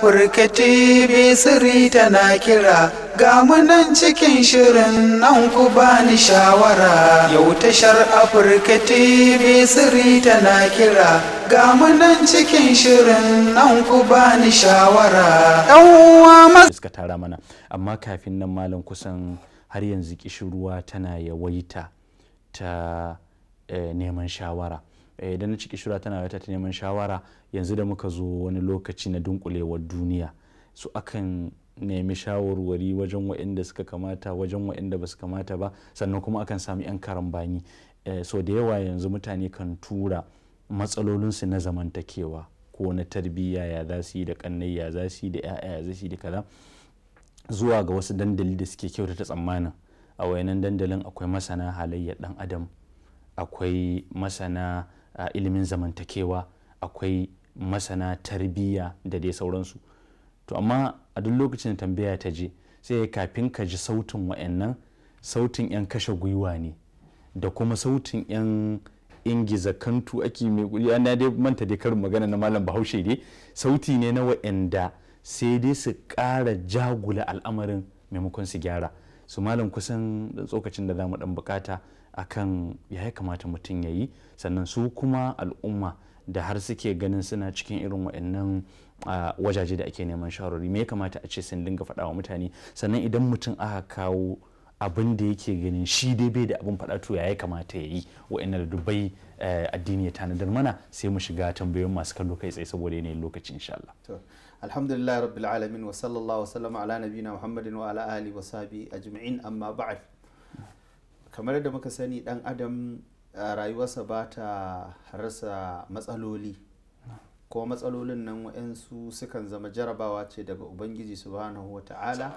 Furkati siri tana kira ga munan cikin shirin nan ku bani shawara yau tashar Afirka TV siri tana kira ga munan cikin shirin nan ku bani shawara ɗanwa suka tara mana amma kafin nan malam kusan har yanzu kishirwa tana yawaita ta eh, neman shawara Eh, idan na ciki shura tana wata ta neman shawara yanzu da muka zo wani lokaci na dunkulewar duniya su akan nemi shawarwari wajen waɗanda suka kamata wajen waɗanda ba su kamata ba sannan kuma akan sami 'yan karambani eh, so da yawa yanzu mutane kan tura matsalolinsu na zamantakewa ko na tarbiyya ya za su yi da kannai ya za su yi da 'ya'ya ya za su yi da kaza zuwa ga wasu dandali da suke kyautata tsammanin a wayanan dandalin akwai masana halayyar dan adam akwai masana a ilimin zamantakewa akwai masana tarbiyya da dai sauransu to amma a duk lokacin tambaya ta je sai kafin ka ji sautin wa'annan sautin 'yan kashe gwiwa ne da kuma sautin 'yan ingiza kantu ake mai na dai manta dai karin magana na malam bahaushe dai sauti ne na wa'anda sai dai su ƙara jagula al'amarin maimakon su gyara su malam kusan tsokacin da za mu dan bukata akan ya ya kamata mutum ya yi sannan su kuma al'umma da har suke ganin suna cikin irin waɗannan wajaje da ake neman shawarwari me ya kamata a ce sun dinga faɗa wa mutane sannan idan mutum aka kawo abin da yake ganin shi dai bai da abin faɗa to ya kamata ya yi wa'ina da dubai eh, addini ya tanadar mana sai mu shiga tambayoyin masu kallo kai tsaye saboda yanayin lokaci insha Allah. alhamdulillah rabbil alamin wa sallallahu wa sallama ala nabiyina muhammadin wa ala ali wa sahbihi ajma'in amma ba'd. kamar da muka sani dan adam rayuwarsa ba ta rasa matsaloli ko matsalolin nan wa'yansu sukan zama jarabawa ce daga ubangiji subhanahu wa ta'ala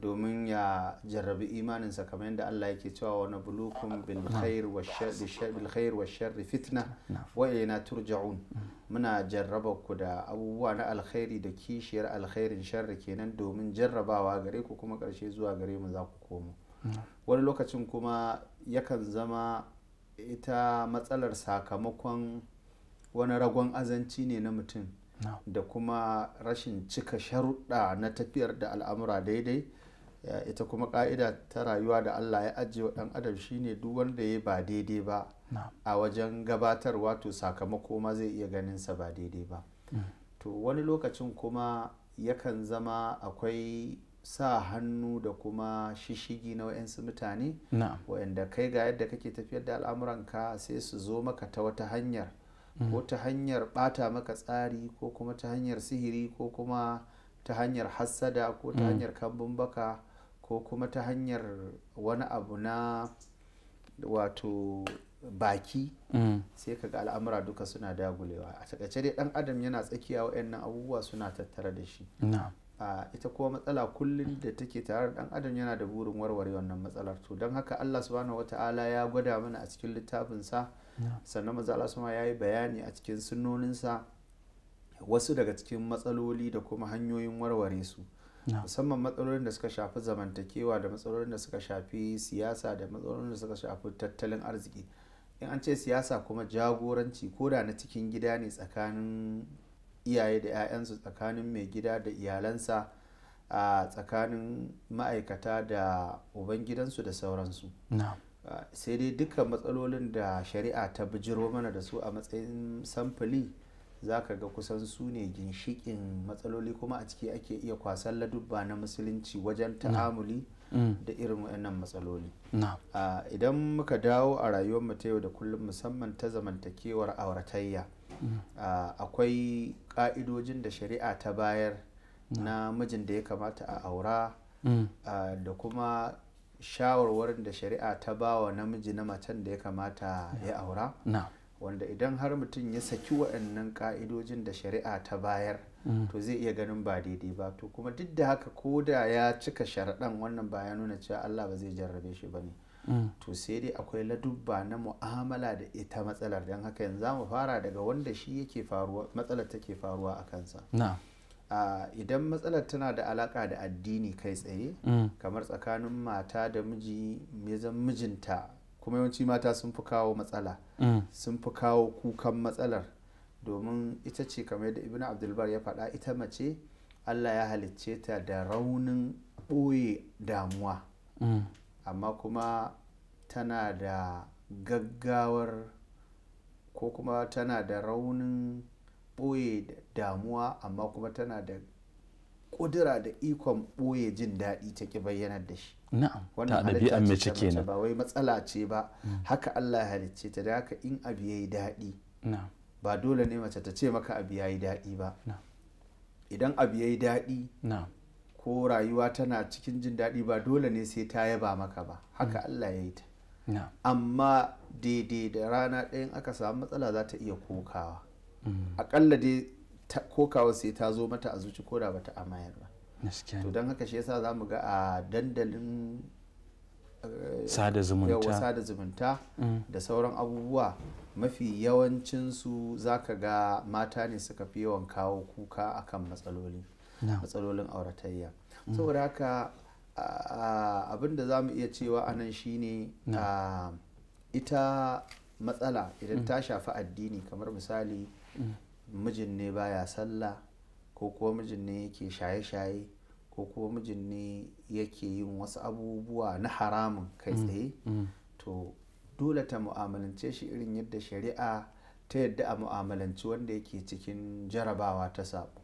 domin ya jarrabi imaninsa kamar yadda allah yake cewa wani bulukun bil khair wa sharri fitna wa na turja'un muna jarraba ku da abubuwa na alkhairi da kishiyar alkhairin sharri kenan domin jarrabawa gare ku kuma karshe zuwa gare mu za ku komo wani lokacin kuma yakan zama ita matsalar sakamakon wani ragon azanci ne na mutum da kuma rashin cika sharuɗa na tafiyar da al'amura daidai ita kuma ka'ida ta rayuwa da allah ya ajiye wa ɗan adam shine duk wanda ya ba daidai ba a wajen gabatar wato sakamako ma zai iya ganin sa ba daidai ba mm. to wani lokacin kuma yakan zama akwai sa hannu da kuma shishigi na wa'yansu mutane wa'yanda kai ga yadda kake tafiyar da al'amuranka sai su zo maka ta wata hanyar ko mm-hmm. ta hanyar bata maka tsari ko kuma ta hanyar sihiri ko kuma ta hanyar hassada ko ta mm. hanyar kambun baka ko kuma ta hanyar wani abu na wato baki mm. sai kaga al'amura duka suna dagulewa a takaice dai dan adam yana tsakiya wa'yan abubuwa suna tattare da shi a ita kuma matsala kullum da take tare da dan adam yana da burin warware wannan matsalar to don haka Allah subhanahu wataala ya gwada mana a cikin littafinsa sannan maza Allah ya yi bayani a cikin sa wasu daga cikin matsaloli da kuma hanyoyin warware su musamman matsalolin da suka shafi zamantakewa da matsalolin da suka shafi siyasa da matsalolin da suka shafi tattalin arziki in an ce siyasa kuma jagoranci ko da na cikin gida ne tsakanin iyaye da 'ya'yansu tsakanin mai gida da iyalansa a tsakanin ma'aikata da ubangidansu da sauransu sai dai dukkan matsalolin da shari'a ta bijiro mana da su a matsayin samfuli za ka ga kusan su ne ginshikin matsaloli kuma a ciki ake iya kwasan ladubba na musulunci wajen ta'amuli mm. da irin waɗannan matsaloli idan muka dawo a rayuwar mu ta yau da kullum musamman ta zamantakewar auratayya Ah, akwai ƙa'idojin da shari'a ta bayar na mijin da ya kamata a aura mm. ah, da kuma shawarwarin da shari'a ta ba wa namiji na macen da ya kamata ya aura wanda idan har mutum ya saki waɗannan ƙa'idojin da shari'a ta bayar mm. to zai iya ganin ba daidai ba to kuma duk da haka ko da ya cika sharaɗan wannan ba ya nuna cewa allah ba zai jarrabe shi ba ne to sai dai akwai ladubba na mu'amala da ita matsalar don haka yanzu mu fara daga wanda shi yake faruwa matsalar take faruwa a kansa idan matsalar tana da alaka da addini kai tsaye mm. kamar tsakanin mata da miji mezan mijinta kuma yawanci mata sun fi kawo matsala mm. sun fi kawo kukan matsalar domin ita ce kamar yadda ibn abdulbar ya faɗa ita mace allah ya halicce ta da raunin ɓoye damuwa mm. amma kuma tana da gaggawar ko kuma tana da raunin ɓoye damuwa amma kuma tana da ƙudura da ikon ɓoye jin daɗi ta ƙi bayyanar da shi na'am wannan ɗabi'an mace ba wai matsala ce ba mm. haka Allah halicce ta da haka in abu yi daɗi ba dole ne mace ta ce maka abu yi daɗi ba idan abu yi daɗi ko rayuwa tana cikin jin daɗi ba dole ne sai ta yaba maka ba haka mm. Allah ya yi ta amma daidai da rana ɗayan aka samu matsala za ta iya kokawa mm. aƙalla dai kokawa sai ta zo mata a zuci ko da bata amayar ba to don haka shi yasa za mu ga a dandalin eh, sada zumunta sada zumunta mm. da sauran abubuwa mafi yawancinsu za ka ga mata ne suka fi yawan kawo kuka akan matsaloli matsalolin auratayya saboda haka abin da za mu iya cewa a nan shine ita matsala idan ta shafi addini kamar misali mm. mijin ne baya sallah ko kuwa mijin ne yake shaye-shaye ko kuwa mijin ne yake yin wasu abubuwa na haramun kai mm. tsaye mm. to dole ta mu'amalance shi irin yadda shari'a ta yadda a mu'amalanci wanda yake cikin jarabawa ta sabo.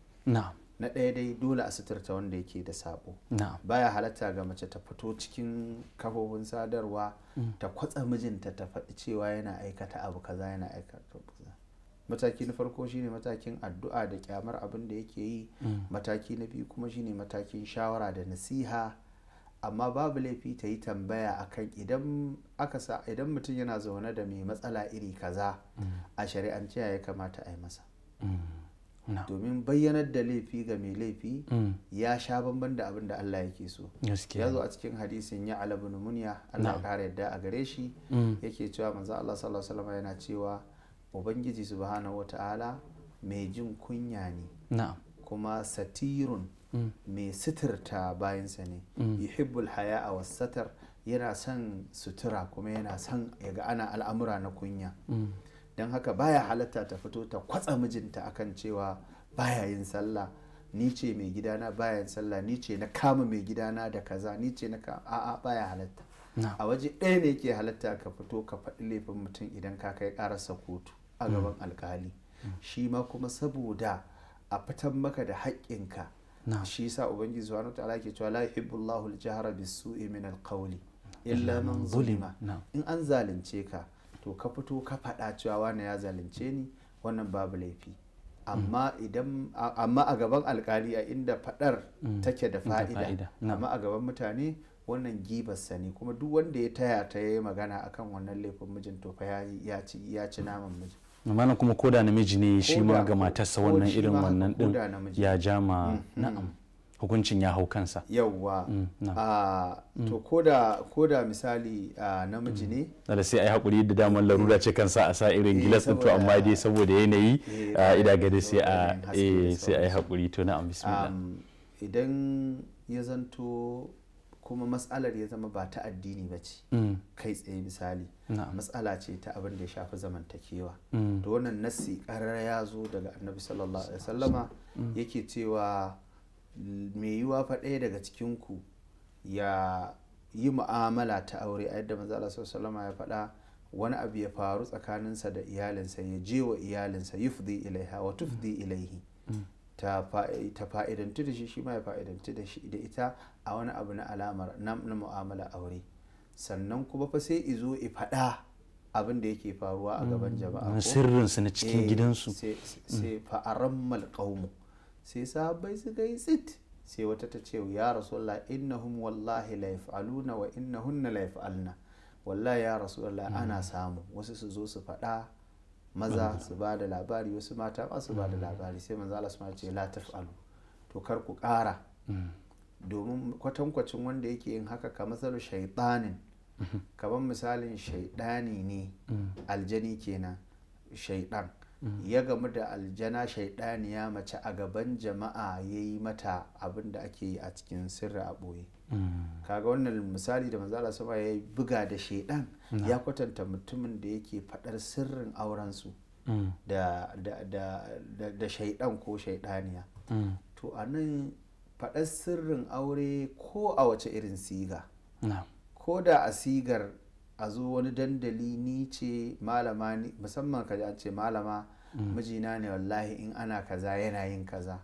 na ɗaya dai dole a suturta wanda yake da sabo baya halatta ga mace ta fito cikin kafofin sadarwa mm. ta kwatsa mijinta ta faɗi cewa yana aikata abu kaza yana aikata abu kaza mataki na farko shine matakin addu'a da kyamar abin da yake yi mm. mataki na biyu kuma shine matakin shawara da nasiha amma babu laifi ta yi tambaya akan idan aka sa idan mutum yana zaune da mai matsala iri kaza mm. a shari'ance ya kamata a yi masa domin bayyanar da laifi ga mai laifi mm. ya sha bamban da abin da Allah yake so ya zo a cikin hadisin ya alabun munya Allah kare yadda a gare shi mm. yake cewa manzo Allah sallallahu alaihi wasallam yana cewa ubangiji subhanahu wataala mai jin kunya ne kuma satirun mm. mai sitirta bayansa ne yuhibbul haya a wasatar yana son sutura kuma yana son ya ana al'amura na kunya don haka baya halatta ta fito ta kwatsa mijinta akan cewa baya yin sallah ni ce mai gidana baya yin sallah ni ce na kama mai gidana da kaza ni ce na kama a'a baya halatta a waje ɗaya ne ke halatta ka fito ka faɗi laifin mutum idan ka kai ƙararsa kotu a mm. gaban alkali mm. shi ma kuma saboda a fitan maka da haƙƙinka shi yasa ubangiji zuwa ta'ala ke cewa la yuhibbullahu al-jahra bis min al illa man zulima in an zalunce ka to ka fito ka faɗa cewa wani ya zalunce ni wannan babu laifi amma idan amma a gaban alkali a inda faɗar mm, take da fa'ida amma a gaban mutane wannan gibarsa ne kuma duk wanda ya taya ta yi magana akan wannan laifin mijin to fa ya ci naman mijin amma kuma koda namiji ne shi ma ga matarsa wannan irin wannan din ya jama mm, mm. na'am hukuncin ya hau kansa yauwa mm, ah, to mm. ko da misali ah, namiji mm. ne da sai ai hakuri da damar larura ce kansa a sa irin eh, gilas din to amma dai saboda yanayi eh, ah, ida gade sai a eh, sai ai hakuri to na'am bismillah idan ya zanto kuma matsalar ya zama ba ta addini ba ce kai tsaye misali matsala ce ta abin da ya shafi zamantakewa da wannan nassi karar ya zo daga annabi sallallahu alaihi wasallama yake cewa mai yiwa fa ɗaya daga cikinku ya yi mu'amala ta aure a yadda manzo Allah ya faɗa wani abu ya faru tsakaninsa da iyalinsa ya je wa iyalinsa yufdi ilaiha wa tufdi ilaihi mm. ta fa'idantu da shi shi ma ya fa'idantu da shi da ita a wani abu na alamar na mu'amala aure sannan kuma fa sai izo i faɗa abin da yake faruwa a gaban mm. jama'a sirrinsu na cikin eh, gidansu sai mm. fa'arammal malƙaumu sai sahabbai suka yi sit sai wata ta ce ya rasulullah innahum wallahi la yaf'aluna wa innahunna la yaf'alna wallahi ya rasulullah hmm. ana samu wasu su zo su faɗa maza hmm. su ba da labari wasu mata ba su ba da hmm. labari sai manzo Allah ma ce la taf'alu to kar ku ƙara domin kwatankwacin wanda yake yin haka ka shaiɗanin shaytanin kamar misalin shaidani ne aljani kenan shaidan Mm-hmm. ya gamu da aljana shaidaniya mace a gaban jama'a ya yi mata abin da ake yi a cikin sirri a ɓoye mm. kaga wannan misali da manzala sama ya buga da shaidan ya kwatanta mutumin da yake faɗar sirrin aurensu mm. da shaidan ko shaidaniya mm. to a nan faɗar sirrin aure ko a wace irin siga ko da a sigar a zo wani dandali ni ce malama ni musamman ka ce malama mm. mijina ne wallahi in ana kaza yana yin kaza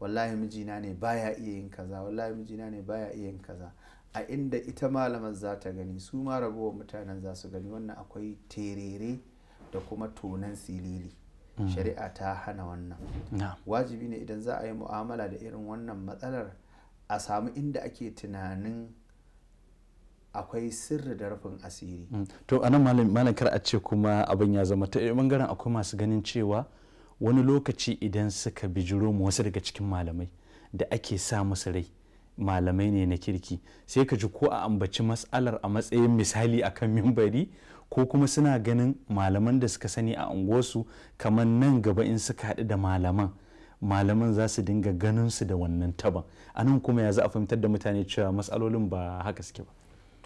wallahi mijina ne baya iya yin kaza wallahi mijina ne baya iya yin kaza a inda ita malamar za ta gani su ma ragowar mutanen za su gani wannan akwai terere da kuma tonan silili mm. shari'a ta hana wannan wajibi ne idan za a yi mu'amala da irin wannan matsalar a samu inda ake tunanin akwai sirri da rufin asiri mm. to anan malam kar a ce kuma abin ya zama ta bangaren eh, akwai masu ganin cewa wani lokaci idan suka bijiro mu wasu daga cikin malamai da ake sa musu rai malamai ne na kirki sai ka ji ko a ambaci matsalar a matsayin misali akan mimbari ko kuma suna ganin malaman da suka sani a unguwarsu kamar nan gaba in suka haɗu da malaman malaman za su dinga ganin su da wannan taban anan kuma ya za a fahimtar da mutane cewa matsalolin ba haka suke ba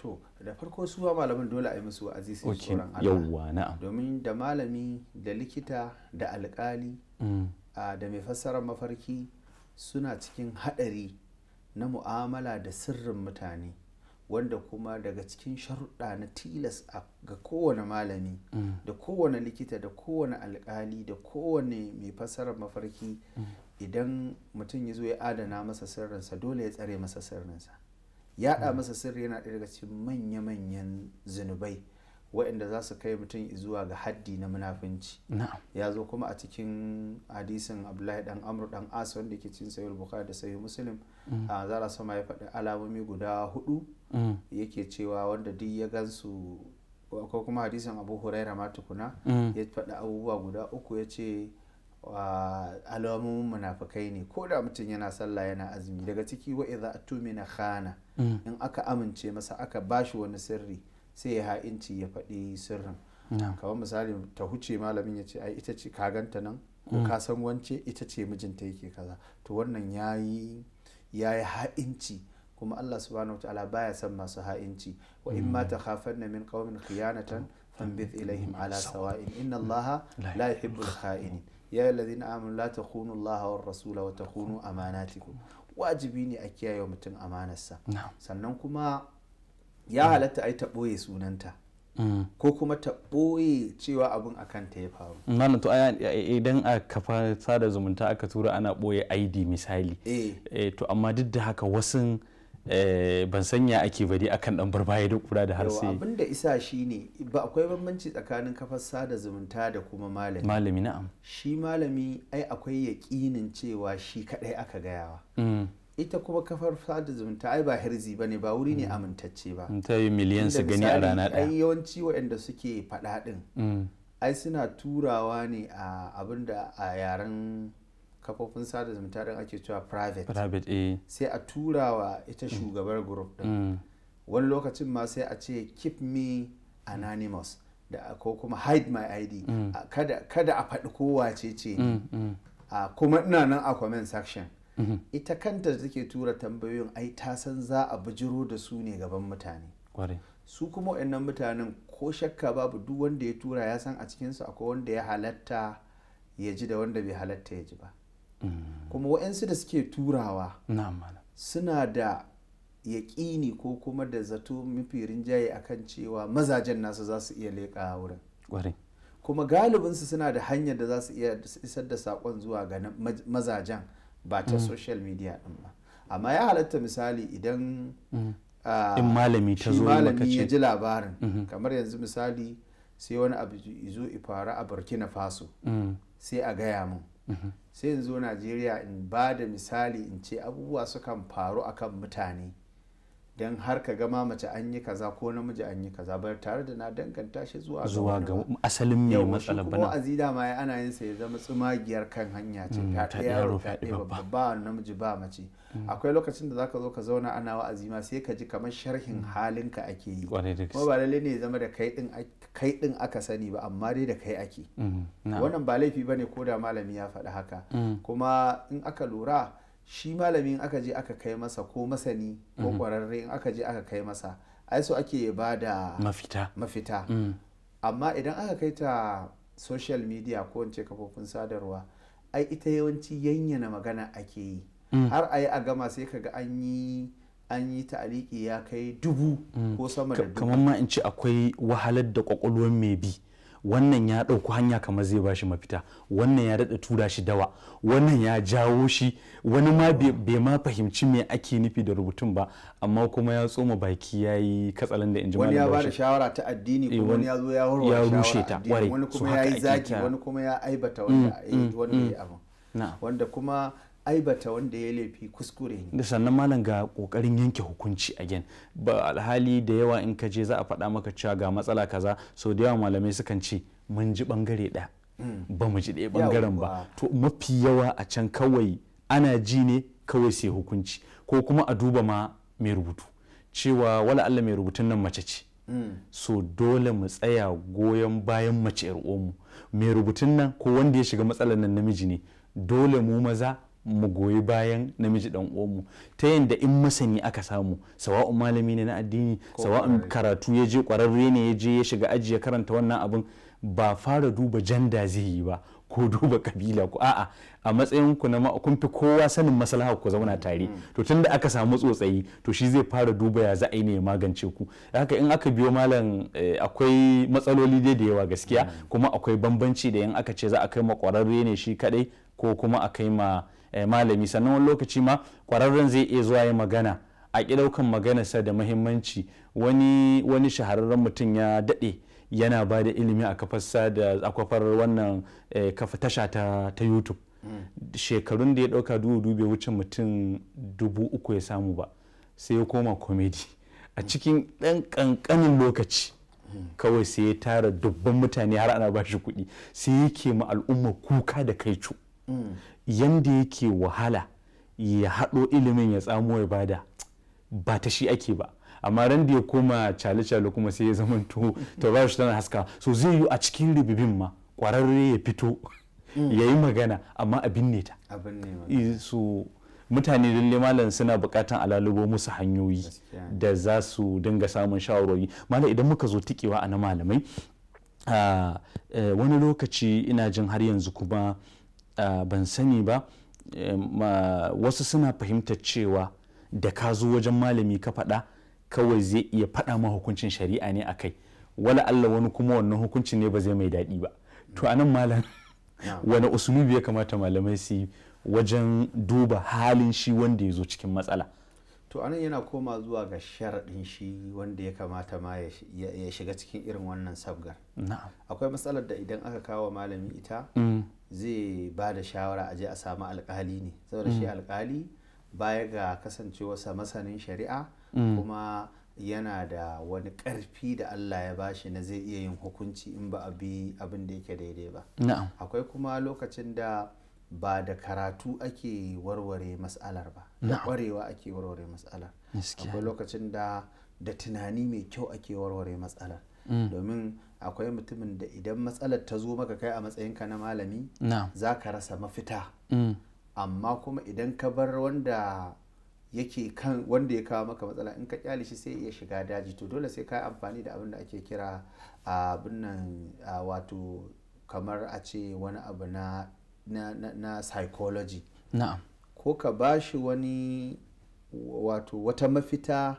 to da farko su ba malamin dole a yi musu wa'azi sai tsoron Allah domin da malami da likita da alƙali mm. da mai fassarar mafarki suna cikin haɗari na mu'amala da sirrin mutane wanda kuma daga cikin sharuɗa na tilas ga kowane malami mm. da kowane likita da kowane alkali da kowane mai fassarar mafarki mm. idan mutum ya zo ya adana masa sirrinsa dole ya tsare masa sirrinsa yaɗa masa sirri yana ɗaya daga cikin manya-manyan zunubai waɗanda za su kai mutum zuwa ga haddi na munafunci ya zo kuma a cikin hadisin abdullahi dan amru dan as wanda ke cin sayar bukari da sahih muslim mm. a zara sama ya faɗi alamomi guda hudu mm. yake cewa wanda duk ya gansu ko kuma hadisin abu huraira ma tukuna mm. ya faɗi abubuwa guda uku ya ce alamomin munafukai ne ko da mutum yana sallah yana azumi daga ciki wa idza atumina khana mm. in aka amince masa aka bashi wani sirri sai ya ha'inci ya faɗi sirrin kamar misali ta huce malamin ya ce ai ita ce ka nan ko mm. ka san wance ita ce mijinta yake kaza to wannan yayi yayi ha'inci kuma Allah subhanahu wataala baya san masu ha'inci wa in mm. ma takhafanna min qaumin khiyanatan fanbith ilaihim ala sawa'in inna Allaha la yuhibbul kha'inin ya alladhina amanu la takhunu allaha war rasula wa takhunu amanatikum wajibi ne a kiyaye mutum amanarsa sannan kuma ya halatta ai ta boye sunanta mm. ko kuma ta ɓoye cewa abin a kanta ya faru. Nana to idan a kafa sada zumunta aka tura ana ɓoye ID misali. Eh. Eh, to amma duk da haka wasu Eh, ban sanya ake bari akan dan barbaya da kura da harshe abin da isa shine ba akwai bambanci tsakanin kafar sada zumunta da kuma malami malami na'am shi malami ai akwai yaƙinin cewa shi kadai aka gayawa mm. ita kuma kafar sada zumunta ai ba hirzi bane ba wuri ne mm. amintacce ba ta yi miliyan su gani a rana ɗaya ai yawanci waɗanda suke faɗa ɗin mm. ai suna turawa ne a abin a yaren kafofin sada zumunta don ake cewa private private eh. sai a tura wa ita mm. shugabar group din mm. wani lokacin ma sai a ce keep me anonymous da ko kuma hide my id mm. kada kada a faɗi kowa ce ce kuma ina nan a comment section mm-hmm. ita kanta take tura tambayoyin ai ta san za a bijiro da su ne gaban mutane su kuma waɗannan mutanen ko shakka babu duk wanda ya tura ya san a cikinsu akwai wanda ya halatta ya ji da wanda bai halatta ya ji ba kuma waɗansu da suke turawa suna da yaƙini ko kuma da zato mafi rinjaye akan cewa mazajen nasu za su iya leƙa wurin kuma galibinsu suna da hanyar da za su iya isar da saƙon zuwa ga mazajen ba ta mm. social media ɗin ba amma ya halatta misali idan mm. ah, in malami ta zo ya ji labarin mm-hmm. kamar yanzu misali sai wani abu zo ifara a burkina faso mm. sai a gaya mun sai in zo najeriya in ba da misali in ce abubuwa sukan faru akan mutane don har ka gama mace an yi kaza ko namiji an yi kaza bar tare da na danganta shi zuwa zuwa ga asalin mai matsalar bana kuma azida ma ya ana yin sa ya zama tsumagiyar kan hanya ce mm, ta ta yaro ta babba ba namiji ba mace mm. akwai lokacin da zaka zo ka zauna ana wa'azi azima sai ka ji kamar sharhin mm. halin ka ake yi kuma ba lalle ne ya zama da kai din kai din aka sani ba amma dai da kai ake wannan ba laifi bane ko da malami ya faɗi haka kuma in aka lura shi malamin aka je aka kai masa ko masani ko mhm. kwararre in aka je aka kai masa ai so ake ba da mafita mm. amma idan aka kai ta social media ko wance kafofin sadarwa ai ita yawanci yanyana magana ake yi mm. har ayi a gama sai kaga an yi an yi ta'aliki ya kai dubu mm. ko sama da dubu kamar ma in ce akwai wahalar da kwakwalwar mai bi wannan ya ɗauki hanya kamar zai bashi mafita wannan ya daɗa tura shi dawa wannan ya jawo shi wani ma bai ma fahimci me ake nufi da rubutun ba amma kuma ya tsoma baki ya yi katsalan da ji wani ya bada shawara ta addini eh, kuma wani ya zo ya warware ya rushe ta wani kuma ya yi zaki wani kuma ya aibata mm, wanda mm, mm, wani abu wanda kuma aibata wanda ya laifi kuskure ne da sannan malam ga kokarin yanke hukunci a gen ba alhali da yawa in ka je za a faɗa maka cewa ga matsala kaza so da yawa malamai sukan ce mun ji bangare ɗaya mm. ba mu ji ɗaya bangaren ba to mafi yawa a can kawai ana ji ne kawai sai hukunci ko kuma a duba ma mai rubutu cewa wala Allah mai rubutun nan mace ce mm. so dole mu tsaya goyon bayan mace mu mai rubutun nan ko wanda ya shiga matsalar nan namiji ne dole mu maza mu goyi bayan namiji dan uwanmu ta yadda in masani aka samu sawa'un malami ne na addini sawa'un karatu ya je kwararre ne ya je ya shiga aji ya karanta wannan abin ba fara duba janda zai yi ba ko duba kabila ku a'a a matsayin ku na ma kun fi kowa sanin maslaha ku zauna tare mm-hmm. to tunda aka samu tsotsayi to shi zai fara duba ya za a yi ne magance ku haka in aka biyo malam eh, akwai matsaloli dai da yawa gaskiya mm-hmm. kuma akwai bambanci da in aka ce za a kai ma kwararre ne shi kadai ko kuma a kai ma Eh, malami sannan wani lokaci ma kwararren zai iya zuwa ya magana a ɗaukan maganarsa da mahimmanci wani shahararren mutum ya daɗe yana ba da ilimi a kafarsa da akwafar wannan eh, kafa tasha ta youtube shekarun da ya ɗauka dubu dubu wuce mutum dubu uku ya samu ba sai ya koma komedi a cikin ɗan ƙanƙanin lokaci kawai sai ya tara dubban mutane har ana bashi kuɗi sai yake ma al'umma kuka da kaicu yanda yake wahala ya haɗo ilimin ya tsamo ya bada ba ta shi ake ba amma ran da ya koma cale-cale kuma sai ya zama to tauraro tana haska so zai yi a cikin ribibin ma kwararre ya fito mm. ya yi magana amma abin ne ta so mutane lalle malam suna bukatan alalubo musu hanyoyi da za su dinga samun shawarwari malam idan muka zo tikewa a na malamai ah, eh, wani lokaci ina jin har yanzu kuma ban sani ba e, wasu suna fahimtar cewa da ka zo wajen malami ka faɗa kawai zai iya faɗa ma hukuncin shari'a ne a kai wala Allah wani kuma wannan hukuncin ne ba zai mai daɗi ba to anan malam wani usulubi ya kamata malamai su yi wajen duba halin shi wanda ya zo cikin matsala to anan yana koma zuwa ga sharaɗin shi wanda ya kamata ma ya shiga cikin irin wannan sabgar akwai matsalar da idan aka kawo malami ita mm. zai ba da shawara a je a samu alkali ne saboda shi mm. alkali baya ga kasancewarsa masanin shari'a mm. kuma yana da wani karfi da Allah ya bashi na zai iya yin hukunci in ba a bi abin da yake daidai ba akwai kuma lokacin da ba da karatu ake warware matsalar ba da ƙwarewa ake warware matsalar akwai lokacin da da tunani mai kyau ake warware matsalar mm. domin akwai mutumin da idan matsalar ta zo maka kai a matsayin ka na malami za ka rasa mafita mm. amma kuma idan ka bar wanda yake kan wanda ya kawo maka matsala in ka kyale shi sai ya shiga daji to dole sai ka yi amfani da abin da ake kira abin nan wato kamar a ce wani abu na na, na, na psychology ko ka ba shi wani wato wata mafita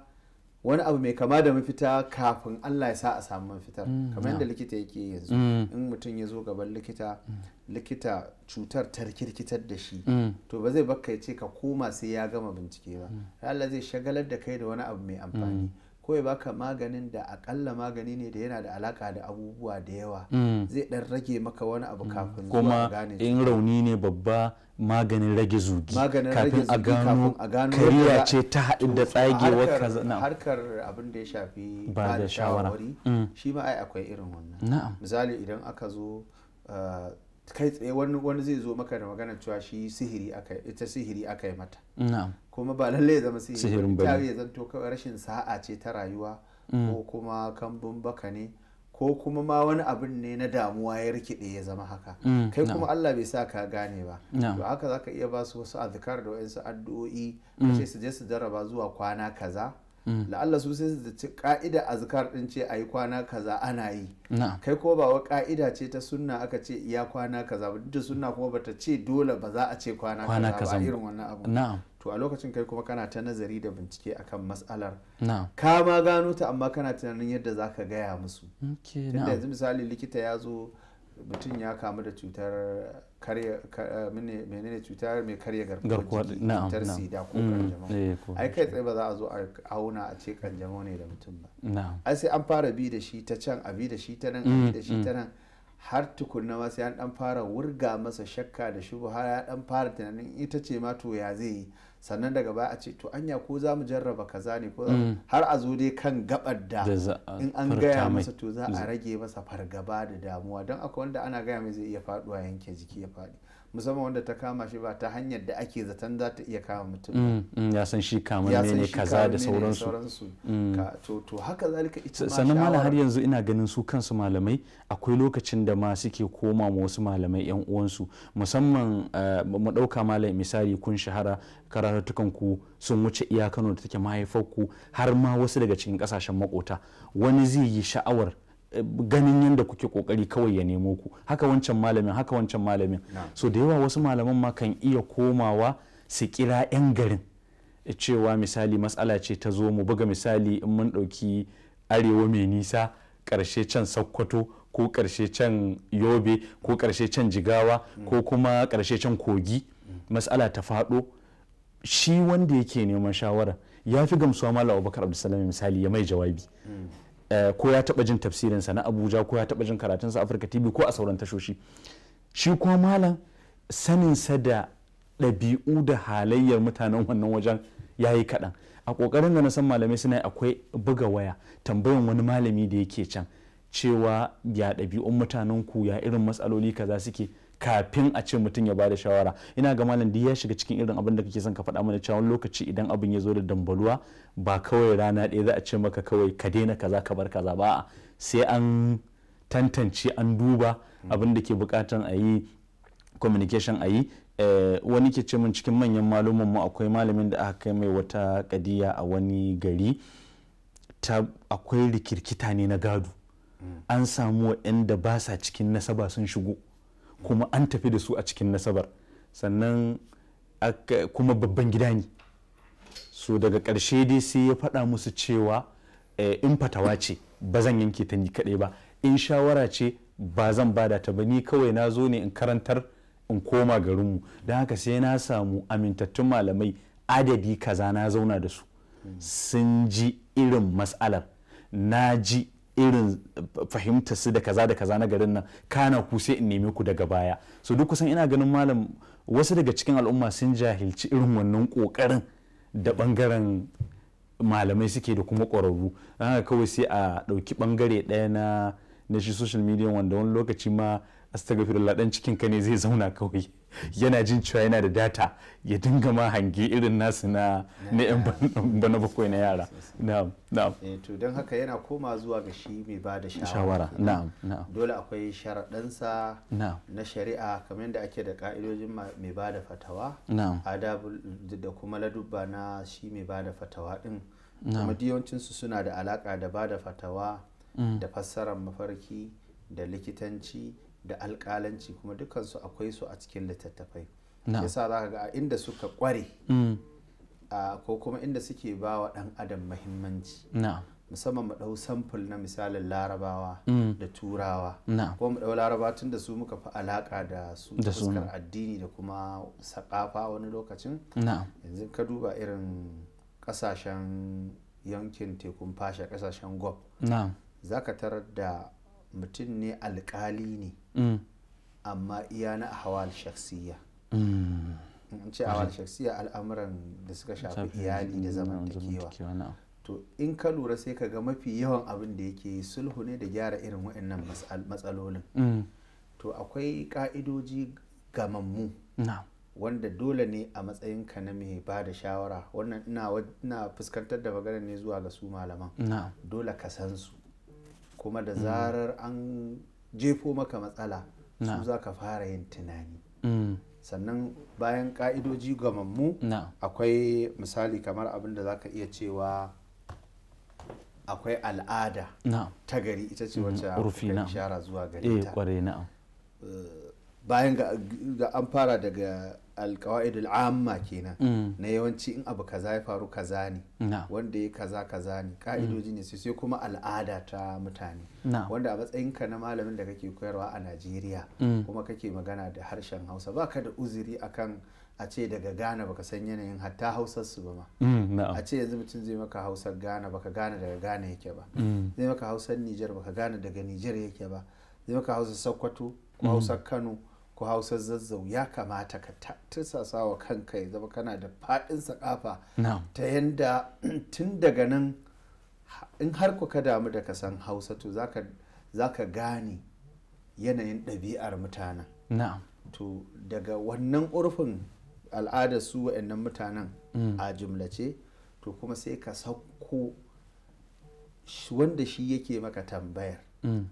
wani abu mai kama da mafita kafin Allah ya sa a samu mafitar mm, kamar yadda likita yake yanzu mm. in mutum ya zo gaban likita mm. likita cutar ta rikirkitar da shi to ba zai baka ya ce ka koma sai ya gama bincike ba Allah zai shagalar da kai da wani abu mai amfani ko ya baka maganin da akalla magani ne da yana da alaka da abubuwa da yawa mm. zai dan rage maka wani abu mm. kafin zuwa gane in rauni ne babba maganin rage zugi kafin a gano kariya ce ta haɗin da zana harkar abin da ya shafi ba da shawara mm. shi ma ai akwai irin wannan misali idan aka zo eh, kai tsaye wani wani zai zo maka da magana cewa shi sihiri aka ita sihiri aka yi mata kuma ba lallai ya zama sihiri ba ya zanto kawai rashin sa'a ce ta rayuwa ko mm. kuma kambun baka ne ko kuma ma wani abin ne na damuwa ya rikide ya zama haka mm, kai kuma Allah bai sa ka gane ba to haka zaka iya ba su wasu azkar da wayansu addu'o'i mm. ce su je su jarraba zuwa kwana kaza Mm. la'alla su sai da ka'ida ka'ida azkar din ce ayi kwana kaza ana yi kai ko ba wa ka'ida ce ta sunna aka ce ya kwana kaza ba duk sunna kuma bata ce dole ba za a ce kwana kaza ba irin wannan abu to a lokacin kai kuma kana ta nazari da bincike akan mas'alar. ka ma gano ta amma kana tunanin yadda za ka gaya musu tunda yanzu misali likita ya zo mutum ya kamu da cutar Eh, menene cutar mai karya garkuwar cutar sida ko mm, kanjamau eh, ai kai tsaye ba za a zo a auna a ce kanjamau ne da mutum ba ai sai an fara bi da shi ta can a bi da shi ta nan a bi mm, da shi mm. ta nan har tukunna ma sai an dan fara wurga masa shakka da shubu har ya dan fara tunanin ita ce ma to ya zai yi sannan daga baya a ce to anya ko za mu jarraba kaza ne ko mm. har a zo dai kan gabar da in an gaya masa to za a rage masa fargaba da damuwa don akwai wanda ana gaya mai zai iya faduwa yanke jiki ya faɗi musamman wanda ta kama shi ba ta hanyar da ake zaton za ta iya kama mutum mm, mm, ya san shi kamar ne kaza da sauransu mm. to haka zalika ita ma sannan mala har yanzu ina ganin su kansu malamai akwai lokacin da ma suke koma ma wasu malamai yan uwansu musamman eh, mu dauka malam misali kun shahara karatukan ku sun wuce iya Kano da take mahaifar ku har ma wasu daga cikin kasashen makota wani zai yi sha'awar ganin yadda kuke kokari kawai ya nemo ku haka wancan malamin haka wancan malamin so da yawa wasu malaman ma kan iya komawa su kira 'yan garin cewa misali matsala ce ta zo mu buga misali in mun ɗauki arewa mai nisa ƙarshe can sokoto ko ƙarshe can yobe ko ƙarshe can jigawa mm. ko kuma ƙarshe can kogi mm. matsala ta faɗo shi wanda yake neman shawara ya fi gamsuwa malam abubakar abdulsalam misali ya mai jawabi mm. Eh, ko ya taba jin tafsirinsa na abuja ko ya taba jin karatunsa afirka tv ko a sauran tashoshi shi kuma malam sa da ɗabi'u da halayyar mutanen wannan wajen ya yi kaɗan a ƙoƙarin da na san malamai suna akwai buga waya tambayan wani malami da yake can cewa ya ɗabi'un mutanen ku ya irin matsaloli kaza suke kafin a ce mutum ya bada shawara ina ga malam da ya shiga cikin irin abin da kake son ka faɗa mana cewa lokaci idan abin ya zo da dambaluwa ba kawai rana ɗaya za a ce maka kawai ka daina kaza ka bar kaza ba sai an tantance an duba abin da ke bukatan a yi communication a yi eh, wani ke ce min cikin manyan malumin mu akwai malamin da aka kai mai wata kadiya a wani gari ta akwai rikirkita ne na gado mm. an samu waɗanda ba sa cikin nasaba sun shigo kuma an tafi da su a cikin nasabar sannan kuma babban gida ne so daga ƙarshe dai sai ya faɗa musu cewa eh, in fatawa ce ba zan yanke ta ni kaɗai ba in shawara ce ba zan bada ta ba ni kawai na zo ne in karantar in koma garinmu don haka sai na samu amintattun malamai adadi kaza na zauna da su sun ji irin matsalar na ji irin fahimtar su da kaza da kaza na garin nan kana ku sai in neme ku daga baya so duk kusan ina ganin malam wasu daga cikin al'umma sun jahilci irin wannan kokarin da bangaren malamai suke da kuma ƙwararru haka kawai sai a ɗauki bangare ɗaya na na shi social media wanda wani lokaci ma Astagfirullah dan cikin ka ne zai zauna kawai yana jin cewa yana da data ya dinga ma hange irin nasu na na yan bana bakwai na yara na'am na'am eh, to don haka yana koma zuwa ga shi mai ba da shawara na'am na'am dole akwai sharaɗansa na shari'a kamar yadda ake da ka'idojin mai ba da fatawa na'am adabul da kuma ladubba na shi mai ba da fatawa din kuma yawancinsu suna da alaka da ba da fatawa mm. da fassarar mafarki da likitanci da alkalanci kuma dukansu akwai su a cikin littattafai yasa za ka ga inda suka kware. Mm. ko kuma inda suke ba wa ɗan adam mahimmanci musamman mu dau samful na misalin larabawa mm. da turawa ko mu dau laraba tun da su muka fi alaƙa da su da fuskar addini da kuma saƙafa wani lokacin yanzu ka duba irin kasashen yankin tekun fasha ƙasashen gob za ka tarar da mutum ne alƙali ne amma iya na ahwal shaksiya mm. in ce ahwal shaksiya al'amuran da suka shafi iyali da zamantakewa to in ka lura sai ka ga mafi yawan abin da yake sulhu ne da gyara irin waɗannan matsalolin mm. to akwai ka'idoji gamammu wanda dole ne a matsayin ka na mai ba da shawara wannan ina fuskantar da magana ne zuwa ga su malaman dole ka san su kuma da zarar an jefo maka matsala su za ka fara yin tunani mm. sannan bayan ka'idoji gamammu akwai misali kamar abin da za ka iya cewa akwai al'ada ta gari ita ce mm-hmm. wacce aka shara zuwa gari eh, ta eh, bayan ga an fara daga alkawa'id al'amma kenan mm. na yawanci in abu kaza ya faru kaza ne wanda ya kaza kaza ne ka'idoji ne sai kuma al'ada ta mutane wanda a matsayin ka na malamin da kake koyarwa a najeriya mm. kuma kake magana da harshen hausa baka da uzuri akan a ce daga ghana baka san yanayin hatta hausar su ba ma mm, a ce yanzu mutum zai maka hausar ghana baka gane daga ghana yake ba zai maka hausar niger baka gane daga niger yake ba zai maka hausar sokoto ko hausar kano ko Hausa zazzau ya kamata ka tattasa wa kanka ya zama kana da faɗin sakafa ta yanda tun daga nan in har ka damu da ka san hausa to za ka gane yanayin ɗabi'ar mutanen to daga wannan urfin al'adar su wa'annan mutanen mm. a jumlace to kuma sai ka sauko wanda shi yake maka tambayar mm.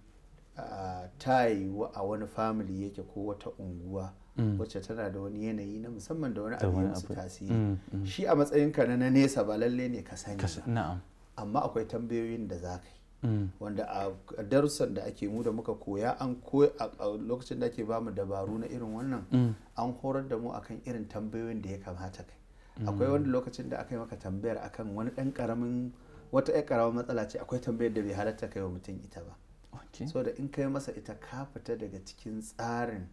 ta yiwu a wani family yake ko wata unguwa mm. wacce tana da wani yanayi na musamman da wani abu musu tasiri mm, mm. shi a matsayinka na nesa ba lalle ne ka sani amma akwai tambayoyin da za ka yi wanda a darussan da ake mu da muka koya an koya a lokacin da ake bamu dabaru na irin wannan an horar da mu akan irin tambayoyin da ya kamata kai akwai wani lokacin da aka yi maka tambayar akan wani dan karamin wata ƴar karamin matsala ce akwai tambayar da bai halatta kai wa mutum ita ba so da in kai masa ita ka fita daga cikin tsarin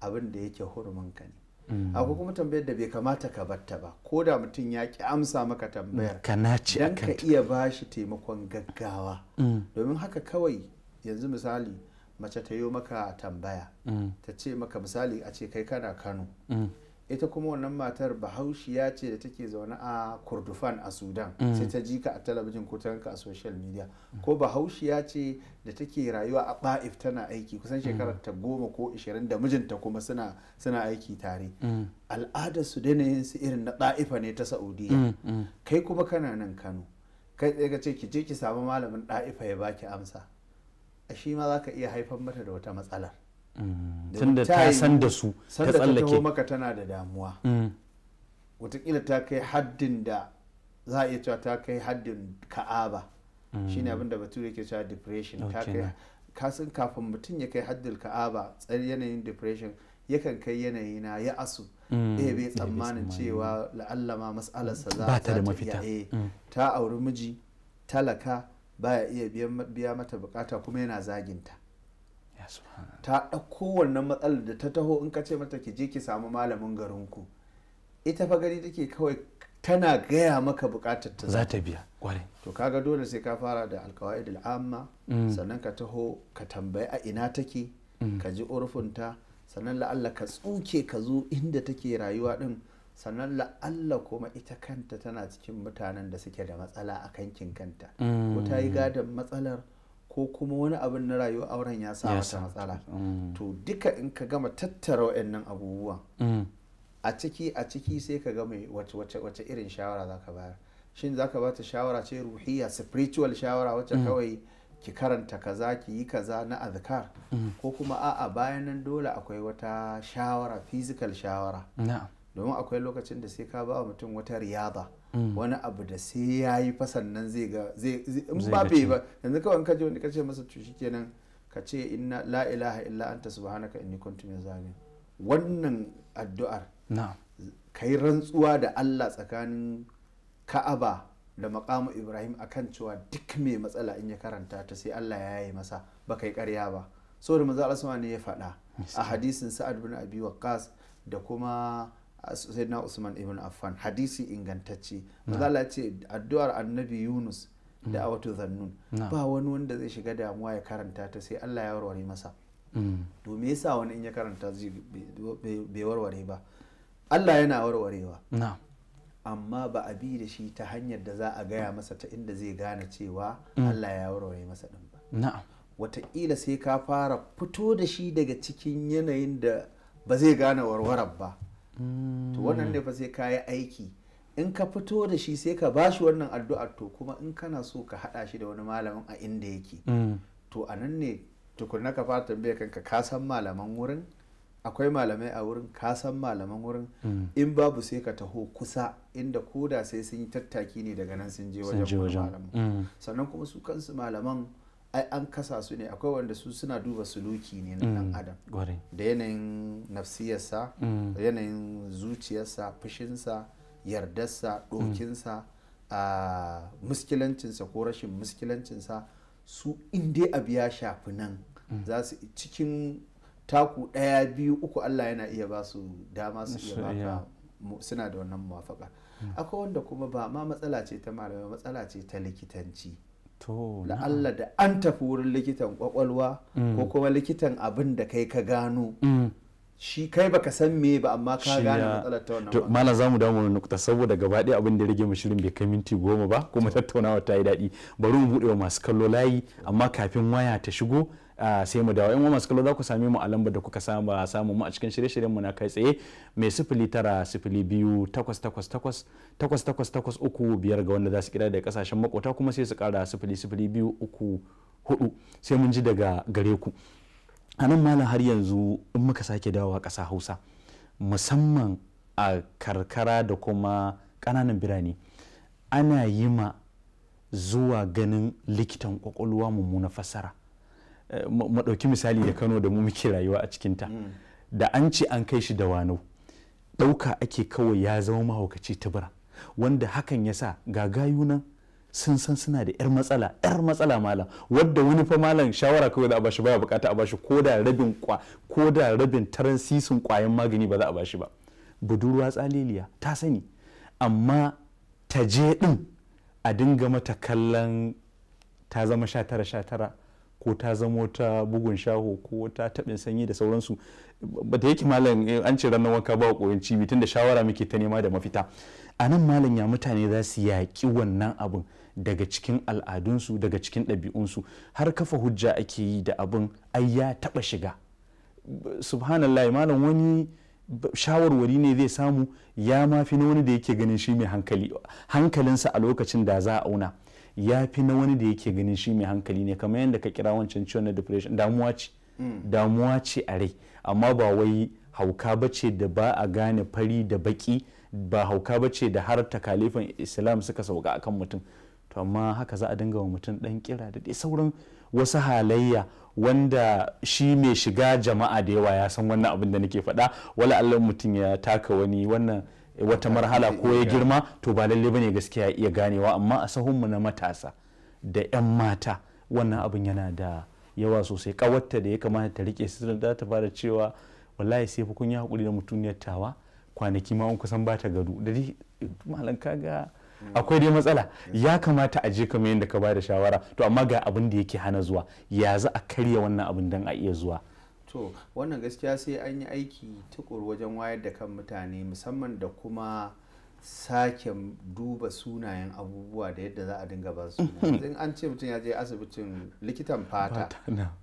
abin da yake hurumin ka ne mm. akwai kuma tambayar da bai kamata ka batta ba ko da mutum ya ki amsa maka tambayar ka naci dan ka iya ba shi taimakon gaggawa mm. domin haka kawai yanzu misali mace ta yi maka tambaya mm. ta ce maka misali a ce kai kana kano ita kuma wannan matar bahaushiya ce da take zaune a kurdufan a sudan mm. sai ta ji ka a talabijin ko ta a social media ko bahaushiya ce da take rayuwa a ba'if tana aiki kusan mm. shekarar ta goma ko ishirin da mijinta kuma suna suna aiki tare mm. al'adar su da su irin na ɗa'ifa ne ta saudiya kai kuma kana nan kano kai tsaye ka ce ki je ki samu malamin ɗa'ifa ya baki amsa a shi ma za ka iya haifar mata da wata matsalar Mm. tunda ta san da su ta tsallake maka tana da damuwa mm. watakila ta kai haddin da za a iya cewa ta kai haddin ka'aba mm. shine abin da bature ke cewa depression ta kai kasan kafin mutum ya kai haddin ka'aba tsari yanayin depression yakan kai yanayi na ya asu eh bai tsammanin cewa la'allama mas'alarsa za ta da mafita eh, ta auri miji talaka baya iya biya mata bukata kuma yana zaginta ta ɗauko wannan matsalar da ta taho in ka ce mata ki je ki samu malamin garin ku. ita fa gani take kawai tana gaya maka bukatar ta za ta biya kware to kaga dole sai ka fara da da amma mm. sannan ka taho ka tambayi a ina take mm. ka ji ta sannan la'alla ka tsuke ka zo inda take rayuwa din sannan la'alla kuma ita kanta tana cikin mutanen da suke da matsala a kankin kanta ko ta yi mm. gadon matsalar ko kuma wani abin na rayuwa auren ya sa wata matsala mm. to duka in ka gama tattara wa'annan abubuwan mm. a ciki a ciki sai ka ga wace irin shawara za ka bayar shin zaka ba ta shawara ce ruhiya spiritual shawara wacce mm. kawai ki karanta kaza ki yi kaza na azkar ko kuma a'a bayan nan dole akwai wata shawara physical shawara domin akwai lokacin da sai ka ba mutum wata riyada Mm. wani abu da sai ya yi fasan nan zai ga zai in ba bai ba yanzu kawai in ka je wani kace masa to kenan ka ce inna la ilaha illa anta subhanaka inni kuntu min zalimin wannan addu'ar ka yi rantsuwa da Allah tsakanin Ka'aba da makamu Ibrahim akan cewa duk mai matsala in ya karanta ta sai Allah ya yi masa ba kai karya ba saboda manzo Allah ne ya faɗa a hadisin Sa'ad bin Abi Waqqas da kuma na usman ibn affan hadisi ingantacce mazala ce addu'ar annabi yunus da awatu zannun ba wani wanda zai shiga damuwa ya karanta ta sai allah ya warware masa mm. to me yasa wani in ya karanta bai warware ba allah yana warwarewa amma ba a bi da shi ta hanyar da za a gaya masa ta inda zai gane cewa mm. allah ya warware masa din ba wataƙila sai ka fara fito da shi daga cikin yanayin da ba zai gane warwarar ba to hmm. wannan ne fa sai ka yi aiki in ka fito da shi sai ka ba shi wannan addu'ar to kuma in kana so ka haɗa shi da wani malamin a inda yake hmm. to a nan ne tukunna ka fara tambaya kanka ka san malaman wurin akwai malamai a wurin ka san malaman wurin hmm. in babu sai ka taho kusa inda koda sai sun yi tattaki ne daga nan sun je wajen malaman sannan kuma su kansu malaman ai an kasa su ne akwai wanda su suna duba suluki ne na dan mm, adam da yanayin nafsiyarsa mm. da yanayin zuciyarsa fushinsa yardarsa ɗokinsa mm. a muskilancinsa ko rashin muskilancinsa su in abu ya shafi nan za su cikin taku ɗaya biyu uku allah yana iya ba su dama su iya baka suna da wannan muwafaka akwai wanda kuma ba ma matsala ce ta malamai matsala ce ta likitanci la'alla da an tafi wurin likitan kwakwalwa ko mm. kuma likitan abin da kai ka gano mm. shi kai baka san me ba amma ka gane matsalar ta wannan malam zamu damu wani nukta saboda gaba ɗaya abin da rage mu shirin bai kai minti goma ba kuma tattaunawa ta yi daɗi bari mu buɗe wa masu kallo layi amma kafin waya ta shigo sai mu dawo in masu kallo za ku same mu a lambar da kuka a samu mu a cikin shirye-shiryen mu na kai tsaye mai sifili tara sifili biyu takwas takwas takwas takwas takwas takwas uku biyar ga wanda za su kira daga kasashen makota kuma sai su kara sifili sifili biyu uku hudu sai mun ji daga gare ku a nan malam har yanzu in muka sake dawowa kasa hausa musamman a karkara da kuma kananan birane ana yi ma zuwa ganin likitan kwakwalwa mummuna fassara mu misali da kano da mu muke rayuwa a cikinta mm. da an ce an kai shi da wano ɗauka ake kawai ya zama mahaukaci ta bara wanda hakan ya sa ga gayunan sun san suna da 'yar matsala 'yar matsala malam wadda wani fa malam shawara kawai za a bashi baya bukata a bashi ko da rabin kwa ko da rabin taransisin kwayan magani ba za a bashi ba budurwa tsaliliya ta sani amma ta je din a dinga mata kallon ta zama sha tara sha tara ko ta zamo ta bugun shaho ko ta taɓin sanyi da sauransu ba da yake malam eh, an ce ranar wanka ba koyon cibi da shawara muke ta nema da mafita a nan malam ya mutane za su yaƙi wannan abin daga cikin al'adunsu daga cikin ɗabi'unsu har kafa hujja ake yi da abin ai ya taɓa shiga subhanallah malam wani shawarwari ne zai samu ya mafi na wani da yake ganin shi mai hankali hankalinsa a lokacin da za a auna ya fi na wani da yake ganin shi mai hankali ne kamar yadda ka kira wancan ciwon na depression damuwa ce hmm. damuwa ce a rai amma ba wai hauka ba ce da ba a gane fari da baki ba hauka ba ce da har takalifin islam suka sauka a kan mutum to amma haka za a dinga wa mutum dan kira da dai sauran wasu halayya wanda shi mai shiga jama'a da yawa ya san wannan abin da nake faɗa wala allah mutum ya taka wani wannan wata marhala ko ya girma to ba lalle bane gaskiya iya ganewa amma a sahunmu na matasa da 'yan mata wannan abin yana da yawa sosai kawatta da ya kamata ta rike su da ta fara cewa wallahi sai fa kun yi hakuri da mutuniyar tawa kwanaki ma kusan ba ta gado da dai malam kaga akwai dai matsala mm. ya kamata a je kamar yadda ka ba da shawara to amma ga abin da yake hana zuwa ya za a karya wannan abin dan a iya zuwa to wannan gaskiya sai an yi aiki tukur wajen wayar da kan mutane musamman da kuma sake duba sunayen abubuwa da yadda za a dinga ba su in an ce mutum ya je asibitin likitan fata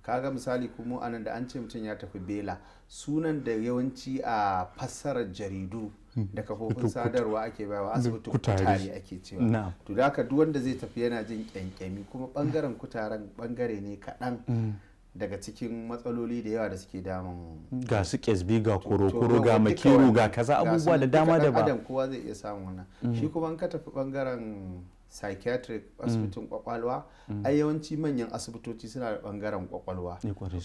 kaga misali kuma anan da an ce mutum ya tafi bela sunan da yawanci a fassarar jaridu hmm. da kafofin sadarwa ake bayawa asibitin kutare ake cewa to da haka duk wanda zai tafi yana jin kyankyami kuma bangaren kutaren bangare ne kaɗan hmm. daga cikin matsaloli da yawa da suke damun ga su kesbi ga kuro ga makiru ga kaza abubuwa da dama da ba adam kowa zai iya samun wannan shi mm. kuma ka tafi bangaren psychiatric mm. asibitin kwakwalwa mm. ai yawanci manyan asibitoci suna da bangaren kwakwalwa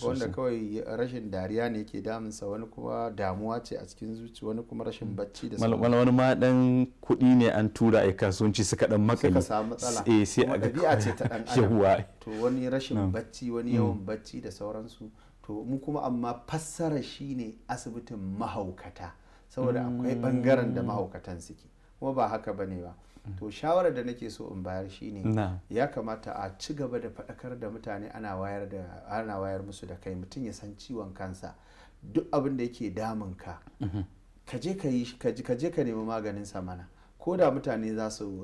wanda kawai rashin dariya ne ke damunsa wani kuma damuwa ce a cikin zuci wani kuma rashin mm. bacci da wani wani ma dan kuɗi ne an tura a kasuwanci suka dan makali suka samu matsala eh sai a ga ce ta dan adam to wani rashin bacci wani yawan bacci da sauransu to mu kuma amma fassara shine asibitin mahaukata saboda akwai bangaren da mahaukatan suke kuma ba haka bane ba to shawarar da nake so in bayar shine ya kamata a ci gaba da faɗakar da mutane ana wayar da wayar musu da kai mutum ya san ciwon kansa duk abin da yake damun ka mhm. ka je ka nemi maganin sa mana ko da mutane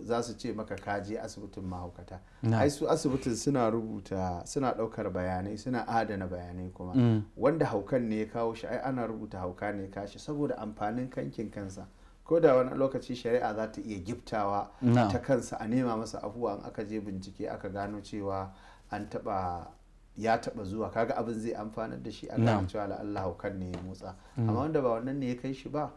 za su ce maka kaje asibitin mahaukata ai su asibitin suna rubuta suna daukar bayanai suna adana bayanai kuma mm. wanda haukan ne ya kawo shi ai ana rubuta hauka ne ya kashi saboda amfanin kankin kansa ko da wani lokaci shari'a za ta iya giftawa ta kansa a nema masa afuwa in aka je bincike aka gano cewa an taba ya taba zuwa kaga abin zai amfanar da shi a gano cewa Allah haukan ne ya motsa mm. amma wanda ba wannan ne ya kai shi ba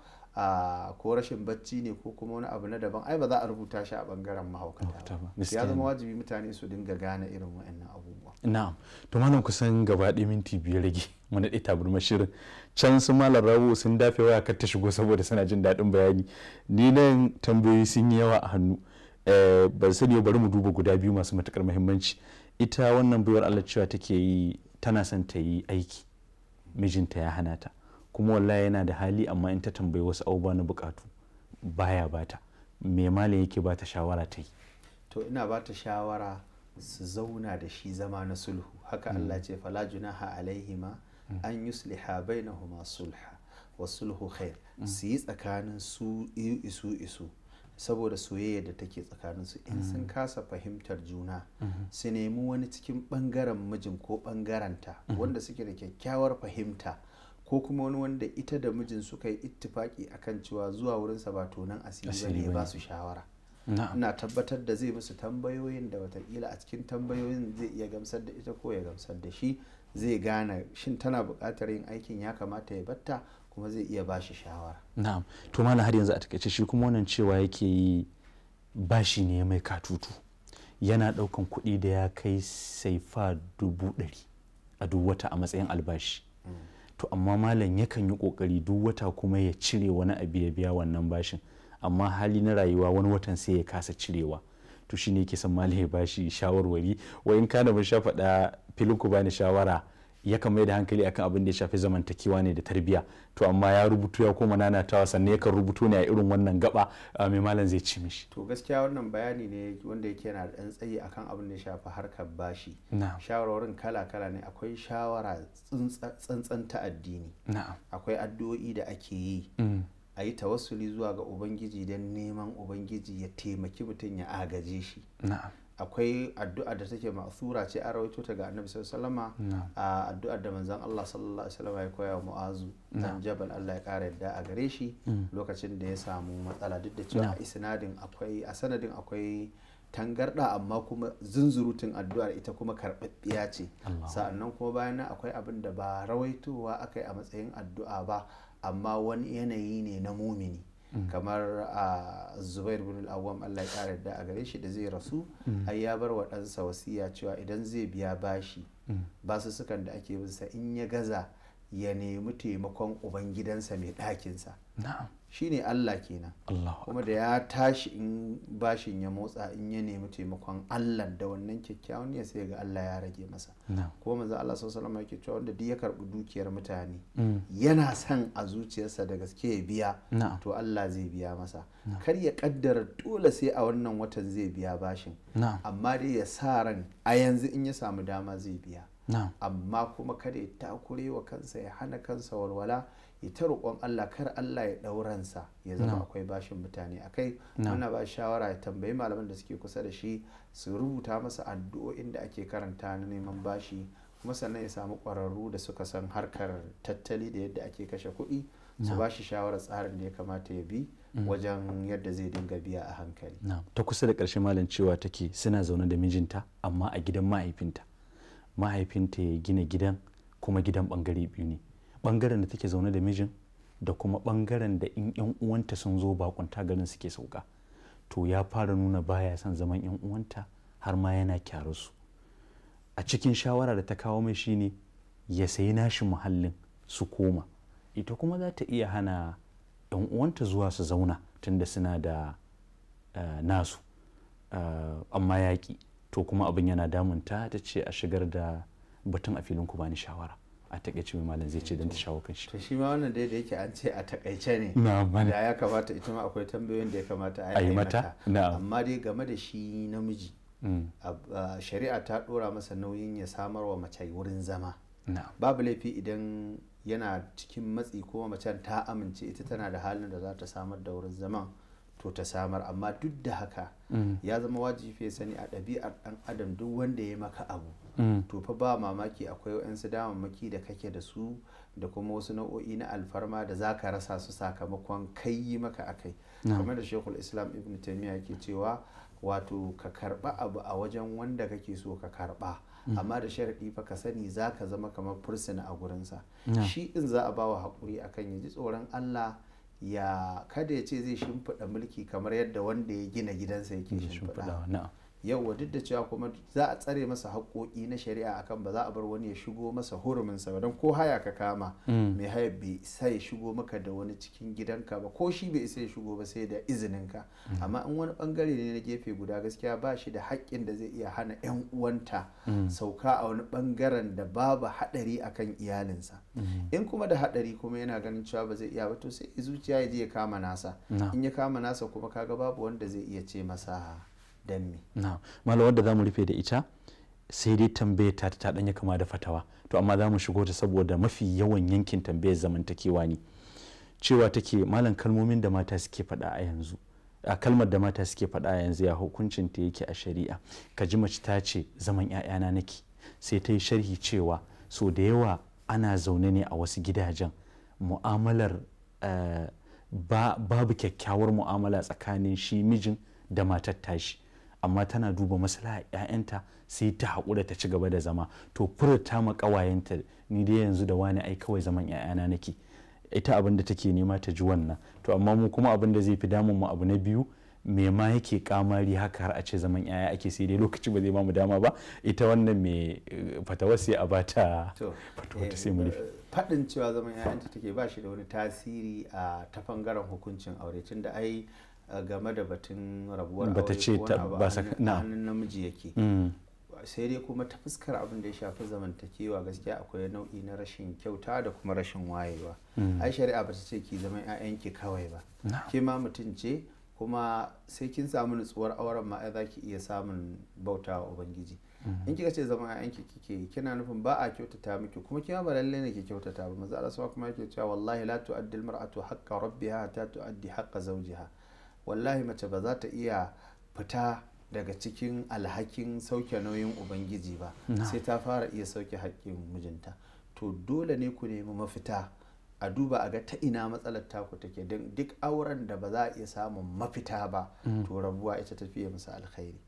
ko rashin bacci ne ko kuma wani abu na daban ai ba za a rubuta shi a bangaren mahaukata ba ya zama wajibi mutane su dinga gane irin wa'annan abubuwa na'am to malam kusan gaba minti biyar rage wani naɗe taburma shirin can su malar rawo sun dafe waya kar ta shigo saboda suna jin daɗin bayani ni nan tambayoyi sun yi yawa a hannu eh, ban sani bari mu duba guda biyu masu matukar muhimmanci ita wannan baiwar allah cewa take yi tana son ta yi aiki mijinta ya hana ta kuma wallahi yana da hali amma in ta tambayi wasu abubuwa na bukatu baya bata me malam yake bata shawara ta yi to ina bata shawara su zauna da shi zama na sulhu haka hmm. Allah ce fala junaha alaihima an yi na huma sulha wa sulhu khair mm. su yi tsakanin su isu isu saboda soyayya da take tsakanin su in sun mm. kasa fahimtar juna mm-hmm. su nemi wani cikin bangaren mijin ko bangaranta mm-hmm. wanda suke da kyakkyawar fahimta ko kuma wani wanda ita da mijin suka yi ittifaki akan cewa zuwa wurin sa ba tonan asiri ne ba su shawara ina tabbatar da zai musu tambayoyin da watakila a cikin tambayoyin zai iya gamsar da ita ko ya gamsar da shi zai gane shin tana bukatar yin aikin ya kamata ya batta kuma zai iya bashi shawara na'am to malam har yanzu a takaice shi kuma wannan cewa yake yi bashi ne mai katutu yana ɗaukan kuɗi da ya kai saifa dubu ɗari a duk wata a matsayin albashi mm. to amma malam yakan yi ƙoƙari duk wata kuma ya cire wani abu ya biya wannan bashin amma hali na rayuwa wani watan sai ya kasa cirewa to shine ke san malam ya bashi shawarwari wa in kana mun sha faɗa filin ku bani shawara yakan mai da hankali akan abin da ya shafi zamantakewa ne da tarbiya to amma ya rubutu ya koma nanatawa sannan yakan rubutu ne a irin wannan gaba mai malam zai ci mishi to gaskiya wannan bayani ne wanda yake yana da tsayi akan abin da ya shafi harkar bashi shawarwarin kala kala ne akwai shawara tsantsan ta addini akwai addu'o'i da ake yi mm. a yi tawassuli zuwa ga ubangiji don neman ubangiji ya taimaki mutum ya agaje shi akwai addu'a da take ma'asura ce a rawaito ta ga annabi sallallahu alaihi a addu'ar da manzon Allah sallallahu alaihi wasallam ya koya wa Mu'azu dan Jabal Allah ya kare yadda a gare shi mm. lokacin da ya samu matsala duk da cewa isnadin akwai a sanadin akwai tangarda amma kuma zunzurutun addu'ar ita kuma karɓaɓɓiya ce sa'annan kuma bayan akwai abin da ba rawaitowa akai a matsayin addu'a ba amma wani yanayi ne na mumini mm. kamar a zubair bin al'awam allah ya yarda a gare shi da zai rasu mm. ai ya bar wa ɗansa wasiya cewa idan zai biya bashi mm. basu sukan da ake bin sa in ya gaza ya nemi taimakon ubangidansa mai ɗakinsa shi ne allah kenan kuma da ya tashi in bashin ya motsa in ya nemi taimakon allah da wannan kyakkyawan ya sai ga allah ya rage masa kuma manzo allah sau salama yake wanda duk ya karɓi dukiyar mutane mm. yana san a zuciyarsa da gaske ya biya to allah zai biya masa kar ya kaddara dole sai a wannan watan zai biya bashin amma dai ya sa ran a yanzu in ya samu dama zai biya amma kuma kada ya takure wa kansa ya hana kansa walwala ya ta roƙon Allah kar Allah ya ɗauransa ya zama akwai bashin mutane a kai muna ba shawara ya tambayi malaman da suke kusa da shi su rubuta masa addu'o'in da ake karanta na neman bashi kuma sannan ya samu ƙwararru da suka san harkar tattali da yadda ake kashe kuɗi su bashi shi shawarar tsarin da ya kamata ya bi mm. wajen yadda zai dinga biya a hankali. ta kusa da ƙarshen malam cewa take suna zaune da mijinta amma a gidan mahaifinta. mahaifinta ya gina gidan kuma gidan bangare biyu ne bangaren da take zaune da mijin da kuma bangaren da in yan uwanta sun zo bakunta garin suke sauka to ya fara nuna baya son zaman yan uwanta har ma yana kyararsu a cikin shawara da ta kawo mai shine ya sayi nashi muhallin su koma ita kuma za ta iya hana yan uwanta zuwa su zauna tunda suna da eh, nasu eh, amma yaƙi to kuma abin yana damun ta ta ce a shigar da batun a filin ku bani shawara a takaice mai malam zai ce don ta shawo kan shi. To shi ma wannan dai da yake an ce a takaice ne. Da ya kamata ita ma akwai tambayoyin da ya kamata a yi mata. Amma dai game da shi namiji. Mm. Shari'a ta ɗora masa nauyin ya samar wa mace wurin zama. Babu laifi idan yana cikin matsi ko macen ta amince ita tana da halin da za ta samar da wurin zaman. to ta samar amma duk da haka mm. ya zama wajibi ya sani a ɗabi'ar ɗan adam duk wanda ya maka abu mm. to fa ba mamaki akwai wa'yansu damammaki da kake da su da kuma wasu nau'o'i na alfarma da za ka rasa su sakamakon kai yi maka akai kamar da shekul islam ibn taimiyya ke cewa wato ka karba abu a wajen wanda kake so ka karba mm. amma da sharaɗi fa ka sani za ka zama kamar fursuna a gurinsa shi in za a ba wa haƙuri akan ya ji tsoron allah ya kada ya ce zai shimfiɗa mulki kamar yadda wanda ya gina gidansa yake shimfiɗa yauwa duk da cewa kuma za a tsare masa haƙoƙi na shari'a akan ba za a bar wani ya shigo masa huruminsa ba don ko haya ka kama mm. mai haya bai isa ya shigo maka da wani cikin gidanka ba ko shi bai isa ya shigo ba sai da izininka mm. amma in wani bangare ne na gefe guda gaskiya ba shi da haƙƙin da zai iya hana 'yan uwanta mm. sauka a wani bangaren da babu haɗari akan iyalinsa in kuma da haɗari kuma yana ganin cewa ba zai iya ba to sai zuciya ya je ya kama nasa in ya kama nasa kuma kaga babu wanda zai iya ce masa dan me na'am malam zamu rufe da ita sai dai tambayar ta ta danya kama da fatawa to amma za mu shigo ta saboda mafi yawan yankin tambayar zamantakewa ne cewa take malam kalmomin da mata suke faɗa a yanzu a kalmar da mata suke faɗa a yanzu ya hukuncin ta yake a shari'a ka ji mace ta ce zaman 'ya'yana nake sai ta yi sharhi cewa so da yawa ana zaune ne a wasu gidajen mu'amalar eh, babu kyakkyawar mu'amala tsakanin shi mijin da matar tashi amma tana duba maslaha 'ya'yanta sai ta haƙura ta ci gaba da zama to furta ma ƙawayenta ni dai yanzu da wani ai kawai zaman 'ya'yana nake ita abin da take nema ta ji wannan to amma mu kuma abin da zai fi damun mu abu na biyu me ma yake kamari haka har a ce zaman yaya ake sai dai lokaci ba zai ba mu dama ba ita wannan me eh, fatawar sai a bata fatawar sai mu eh, faɗin cewa zaman yayanta take ba shi da wani tasiri a ta bangaren hukuncin aure tunda ai game da batun rabuwar aure ko wani hannun namiji yake mm. sai dai kuma ta fuskar abin da ya shafi zamantakewa gaskiya akwai nau'i na rashin kyauta da kuma rashin wayewa mm. ai shari'a bata ce ki zama ki kawai ba ke ma mutum ce kuma sai kin samu nutsuwar auren ma za ki iya samun bautawa wa ubangiji mm. in kika ce zama ƴaƴanki kike kina nufin ba a kyautata miki kuma kima ba lalle ne ki kyautata ba maza Allah kuma yake cewa wallahi la tu'addi maratu haqqa rabbiha hatta tu'addi haqqa zawjiha wallahi mace ba za ta iya fita daga cikin alhakin sauke nauyin ubangiji ba sai ta fara iya sauke haƙƙin mijinta to dole ne ku nemi mafita a duba a ga ta ina matsalar taku take don duk auren da ba za a iya samun mafita ba mm. to rabuwa ita ta fiye musu alkhairi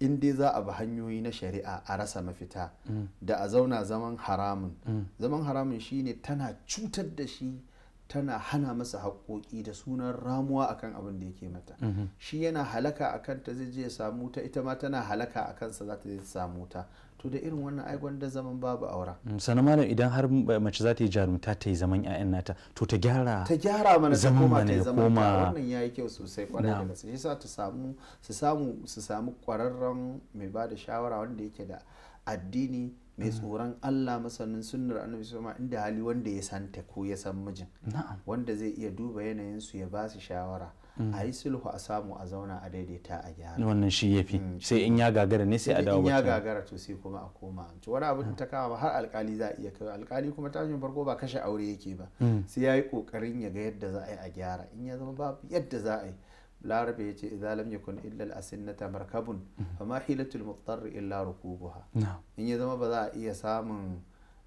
in dai za a bi hanyoyi na shari'a a rasa mafita mm. da a zauna zaman haramun mm. zaman haramun shine tana cutar da shi tana hana masa haƙoƙi da sunan ramuwa akan abin da yake mata mm-hmm. shi yana halaka a kanta zai je ya samu ta ita ma tana halaka a kansa za ta je samu ta to da irin wannan ai da zaman babu aura mm, sannan malam idan har mace za ta yi jarumta ta yi zaman ƴaƴan nata to ta gyara ta gyara mana ta koma ta wannan yayi kyau sosai kwarai da gaske yasa ta samu su samu su samu kwararren mai bada shawara wanda yake da addini mai mm. tsoron Allah masanin sunnar annabi sallama inda hali wanda ya santa ko ya san mijin wanda zai iya duba yanayin su ya basu shawara mm. a yi sulhu a samu a zauna a daidaita a gyara wannan shi ya mm, sai in ya gagara ne sai a dawo in ya gagara to sai kuma a koma to wani abin ta kama ba har alkali za iya kai alkali kuma tashin farko ba kashe aure yake ba sai ya yi kokarin ya ga yadda za a yi a gyara in ya zama babu yadda za a yi larabe ya ce idan lam yakun illa al-asinnata markabun fa ma hilatul muttar illa rukubuha in ya zama ba za a iya samun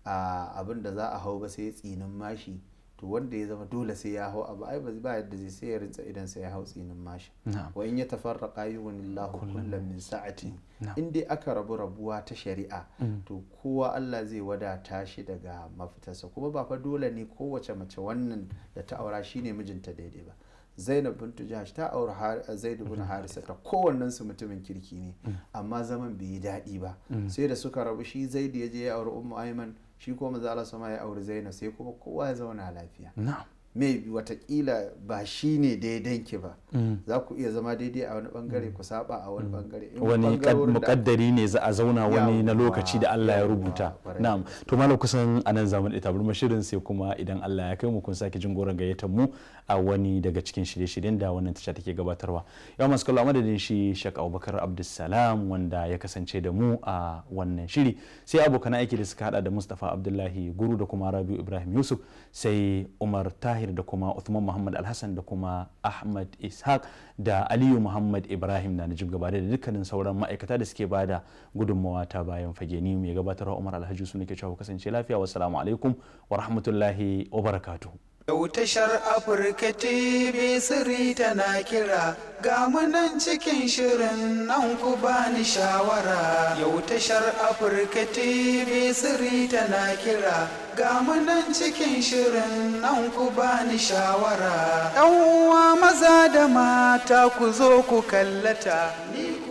abin da za a hau ba sai tsinin mashi to wanda ya zama dole sai ya hau abu ai ba yadda zai sai ya rinsa idan sai ya hau tsinin mashi wa in ya tafarraqa yughnilahu kullum min sa'ati in dai aka rabu rabuwa ta shari'a mm. to kowa Allah zai wadata shi daga mafitarsa kuma ba fa dole ne kowace mace wannan da ta aura shine mijinta daidai ba zainab bintu jahash ta auri zaidu bin harisa ta kowannen su mutumin kirki ne amma zaman bai yi daɗi ba sai da suka rabu shi zaidu ya je ya auri ummu aiman shi kuma maza sama ya auri zainab sai kuma kowa ya zauna lafiya na'am maybe watakila ba shi ne daidai ki ba mm. za ku iya zama daidai a wani bangare ku saba a wani mm. bangare wani mukaddari ne za a zauna wani na lokaci da Allah ya rubuta na'am to malam kusan anan zaman da bulma shirin sai kuma idan Allah ya kai mu kun sake jin goron gayyatar mu a wani daga cikin shirye-shiryen da wannan tasha take gabatarwa ya masu kallo madadin shi Sheikh Abubakar Abdulsalam wanda ya kasance da mu a wannan shiri sai abokan aiki da suka hada da Mustafa Abdullahi Guru da kuma Rabiu Ibrahim Yusuf sai Umar Tahir tahir da kuma uthman muhammad alhassan da kuma ahmad ishaq da aliyu muhammad ibrahim na najib gaba da dukkanin sauran ma'aikata da suke bada gudunmawa ta bayan fage ni mai gabatarwa umar alhaji su ne ke cewa kasance lafiya wassalamu alaikum wa rahmatullahi wa barakatuhu Yau tashar Afirka TV siri tana kira ga munan cikin shirin nan ku bani shawara. Yau tashar Afirka TV siri tana kira ga munan cikin shirin nan ku bani shawara. uwa maza da mata ku zo ku kallata. Ni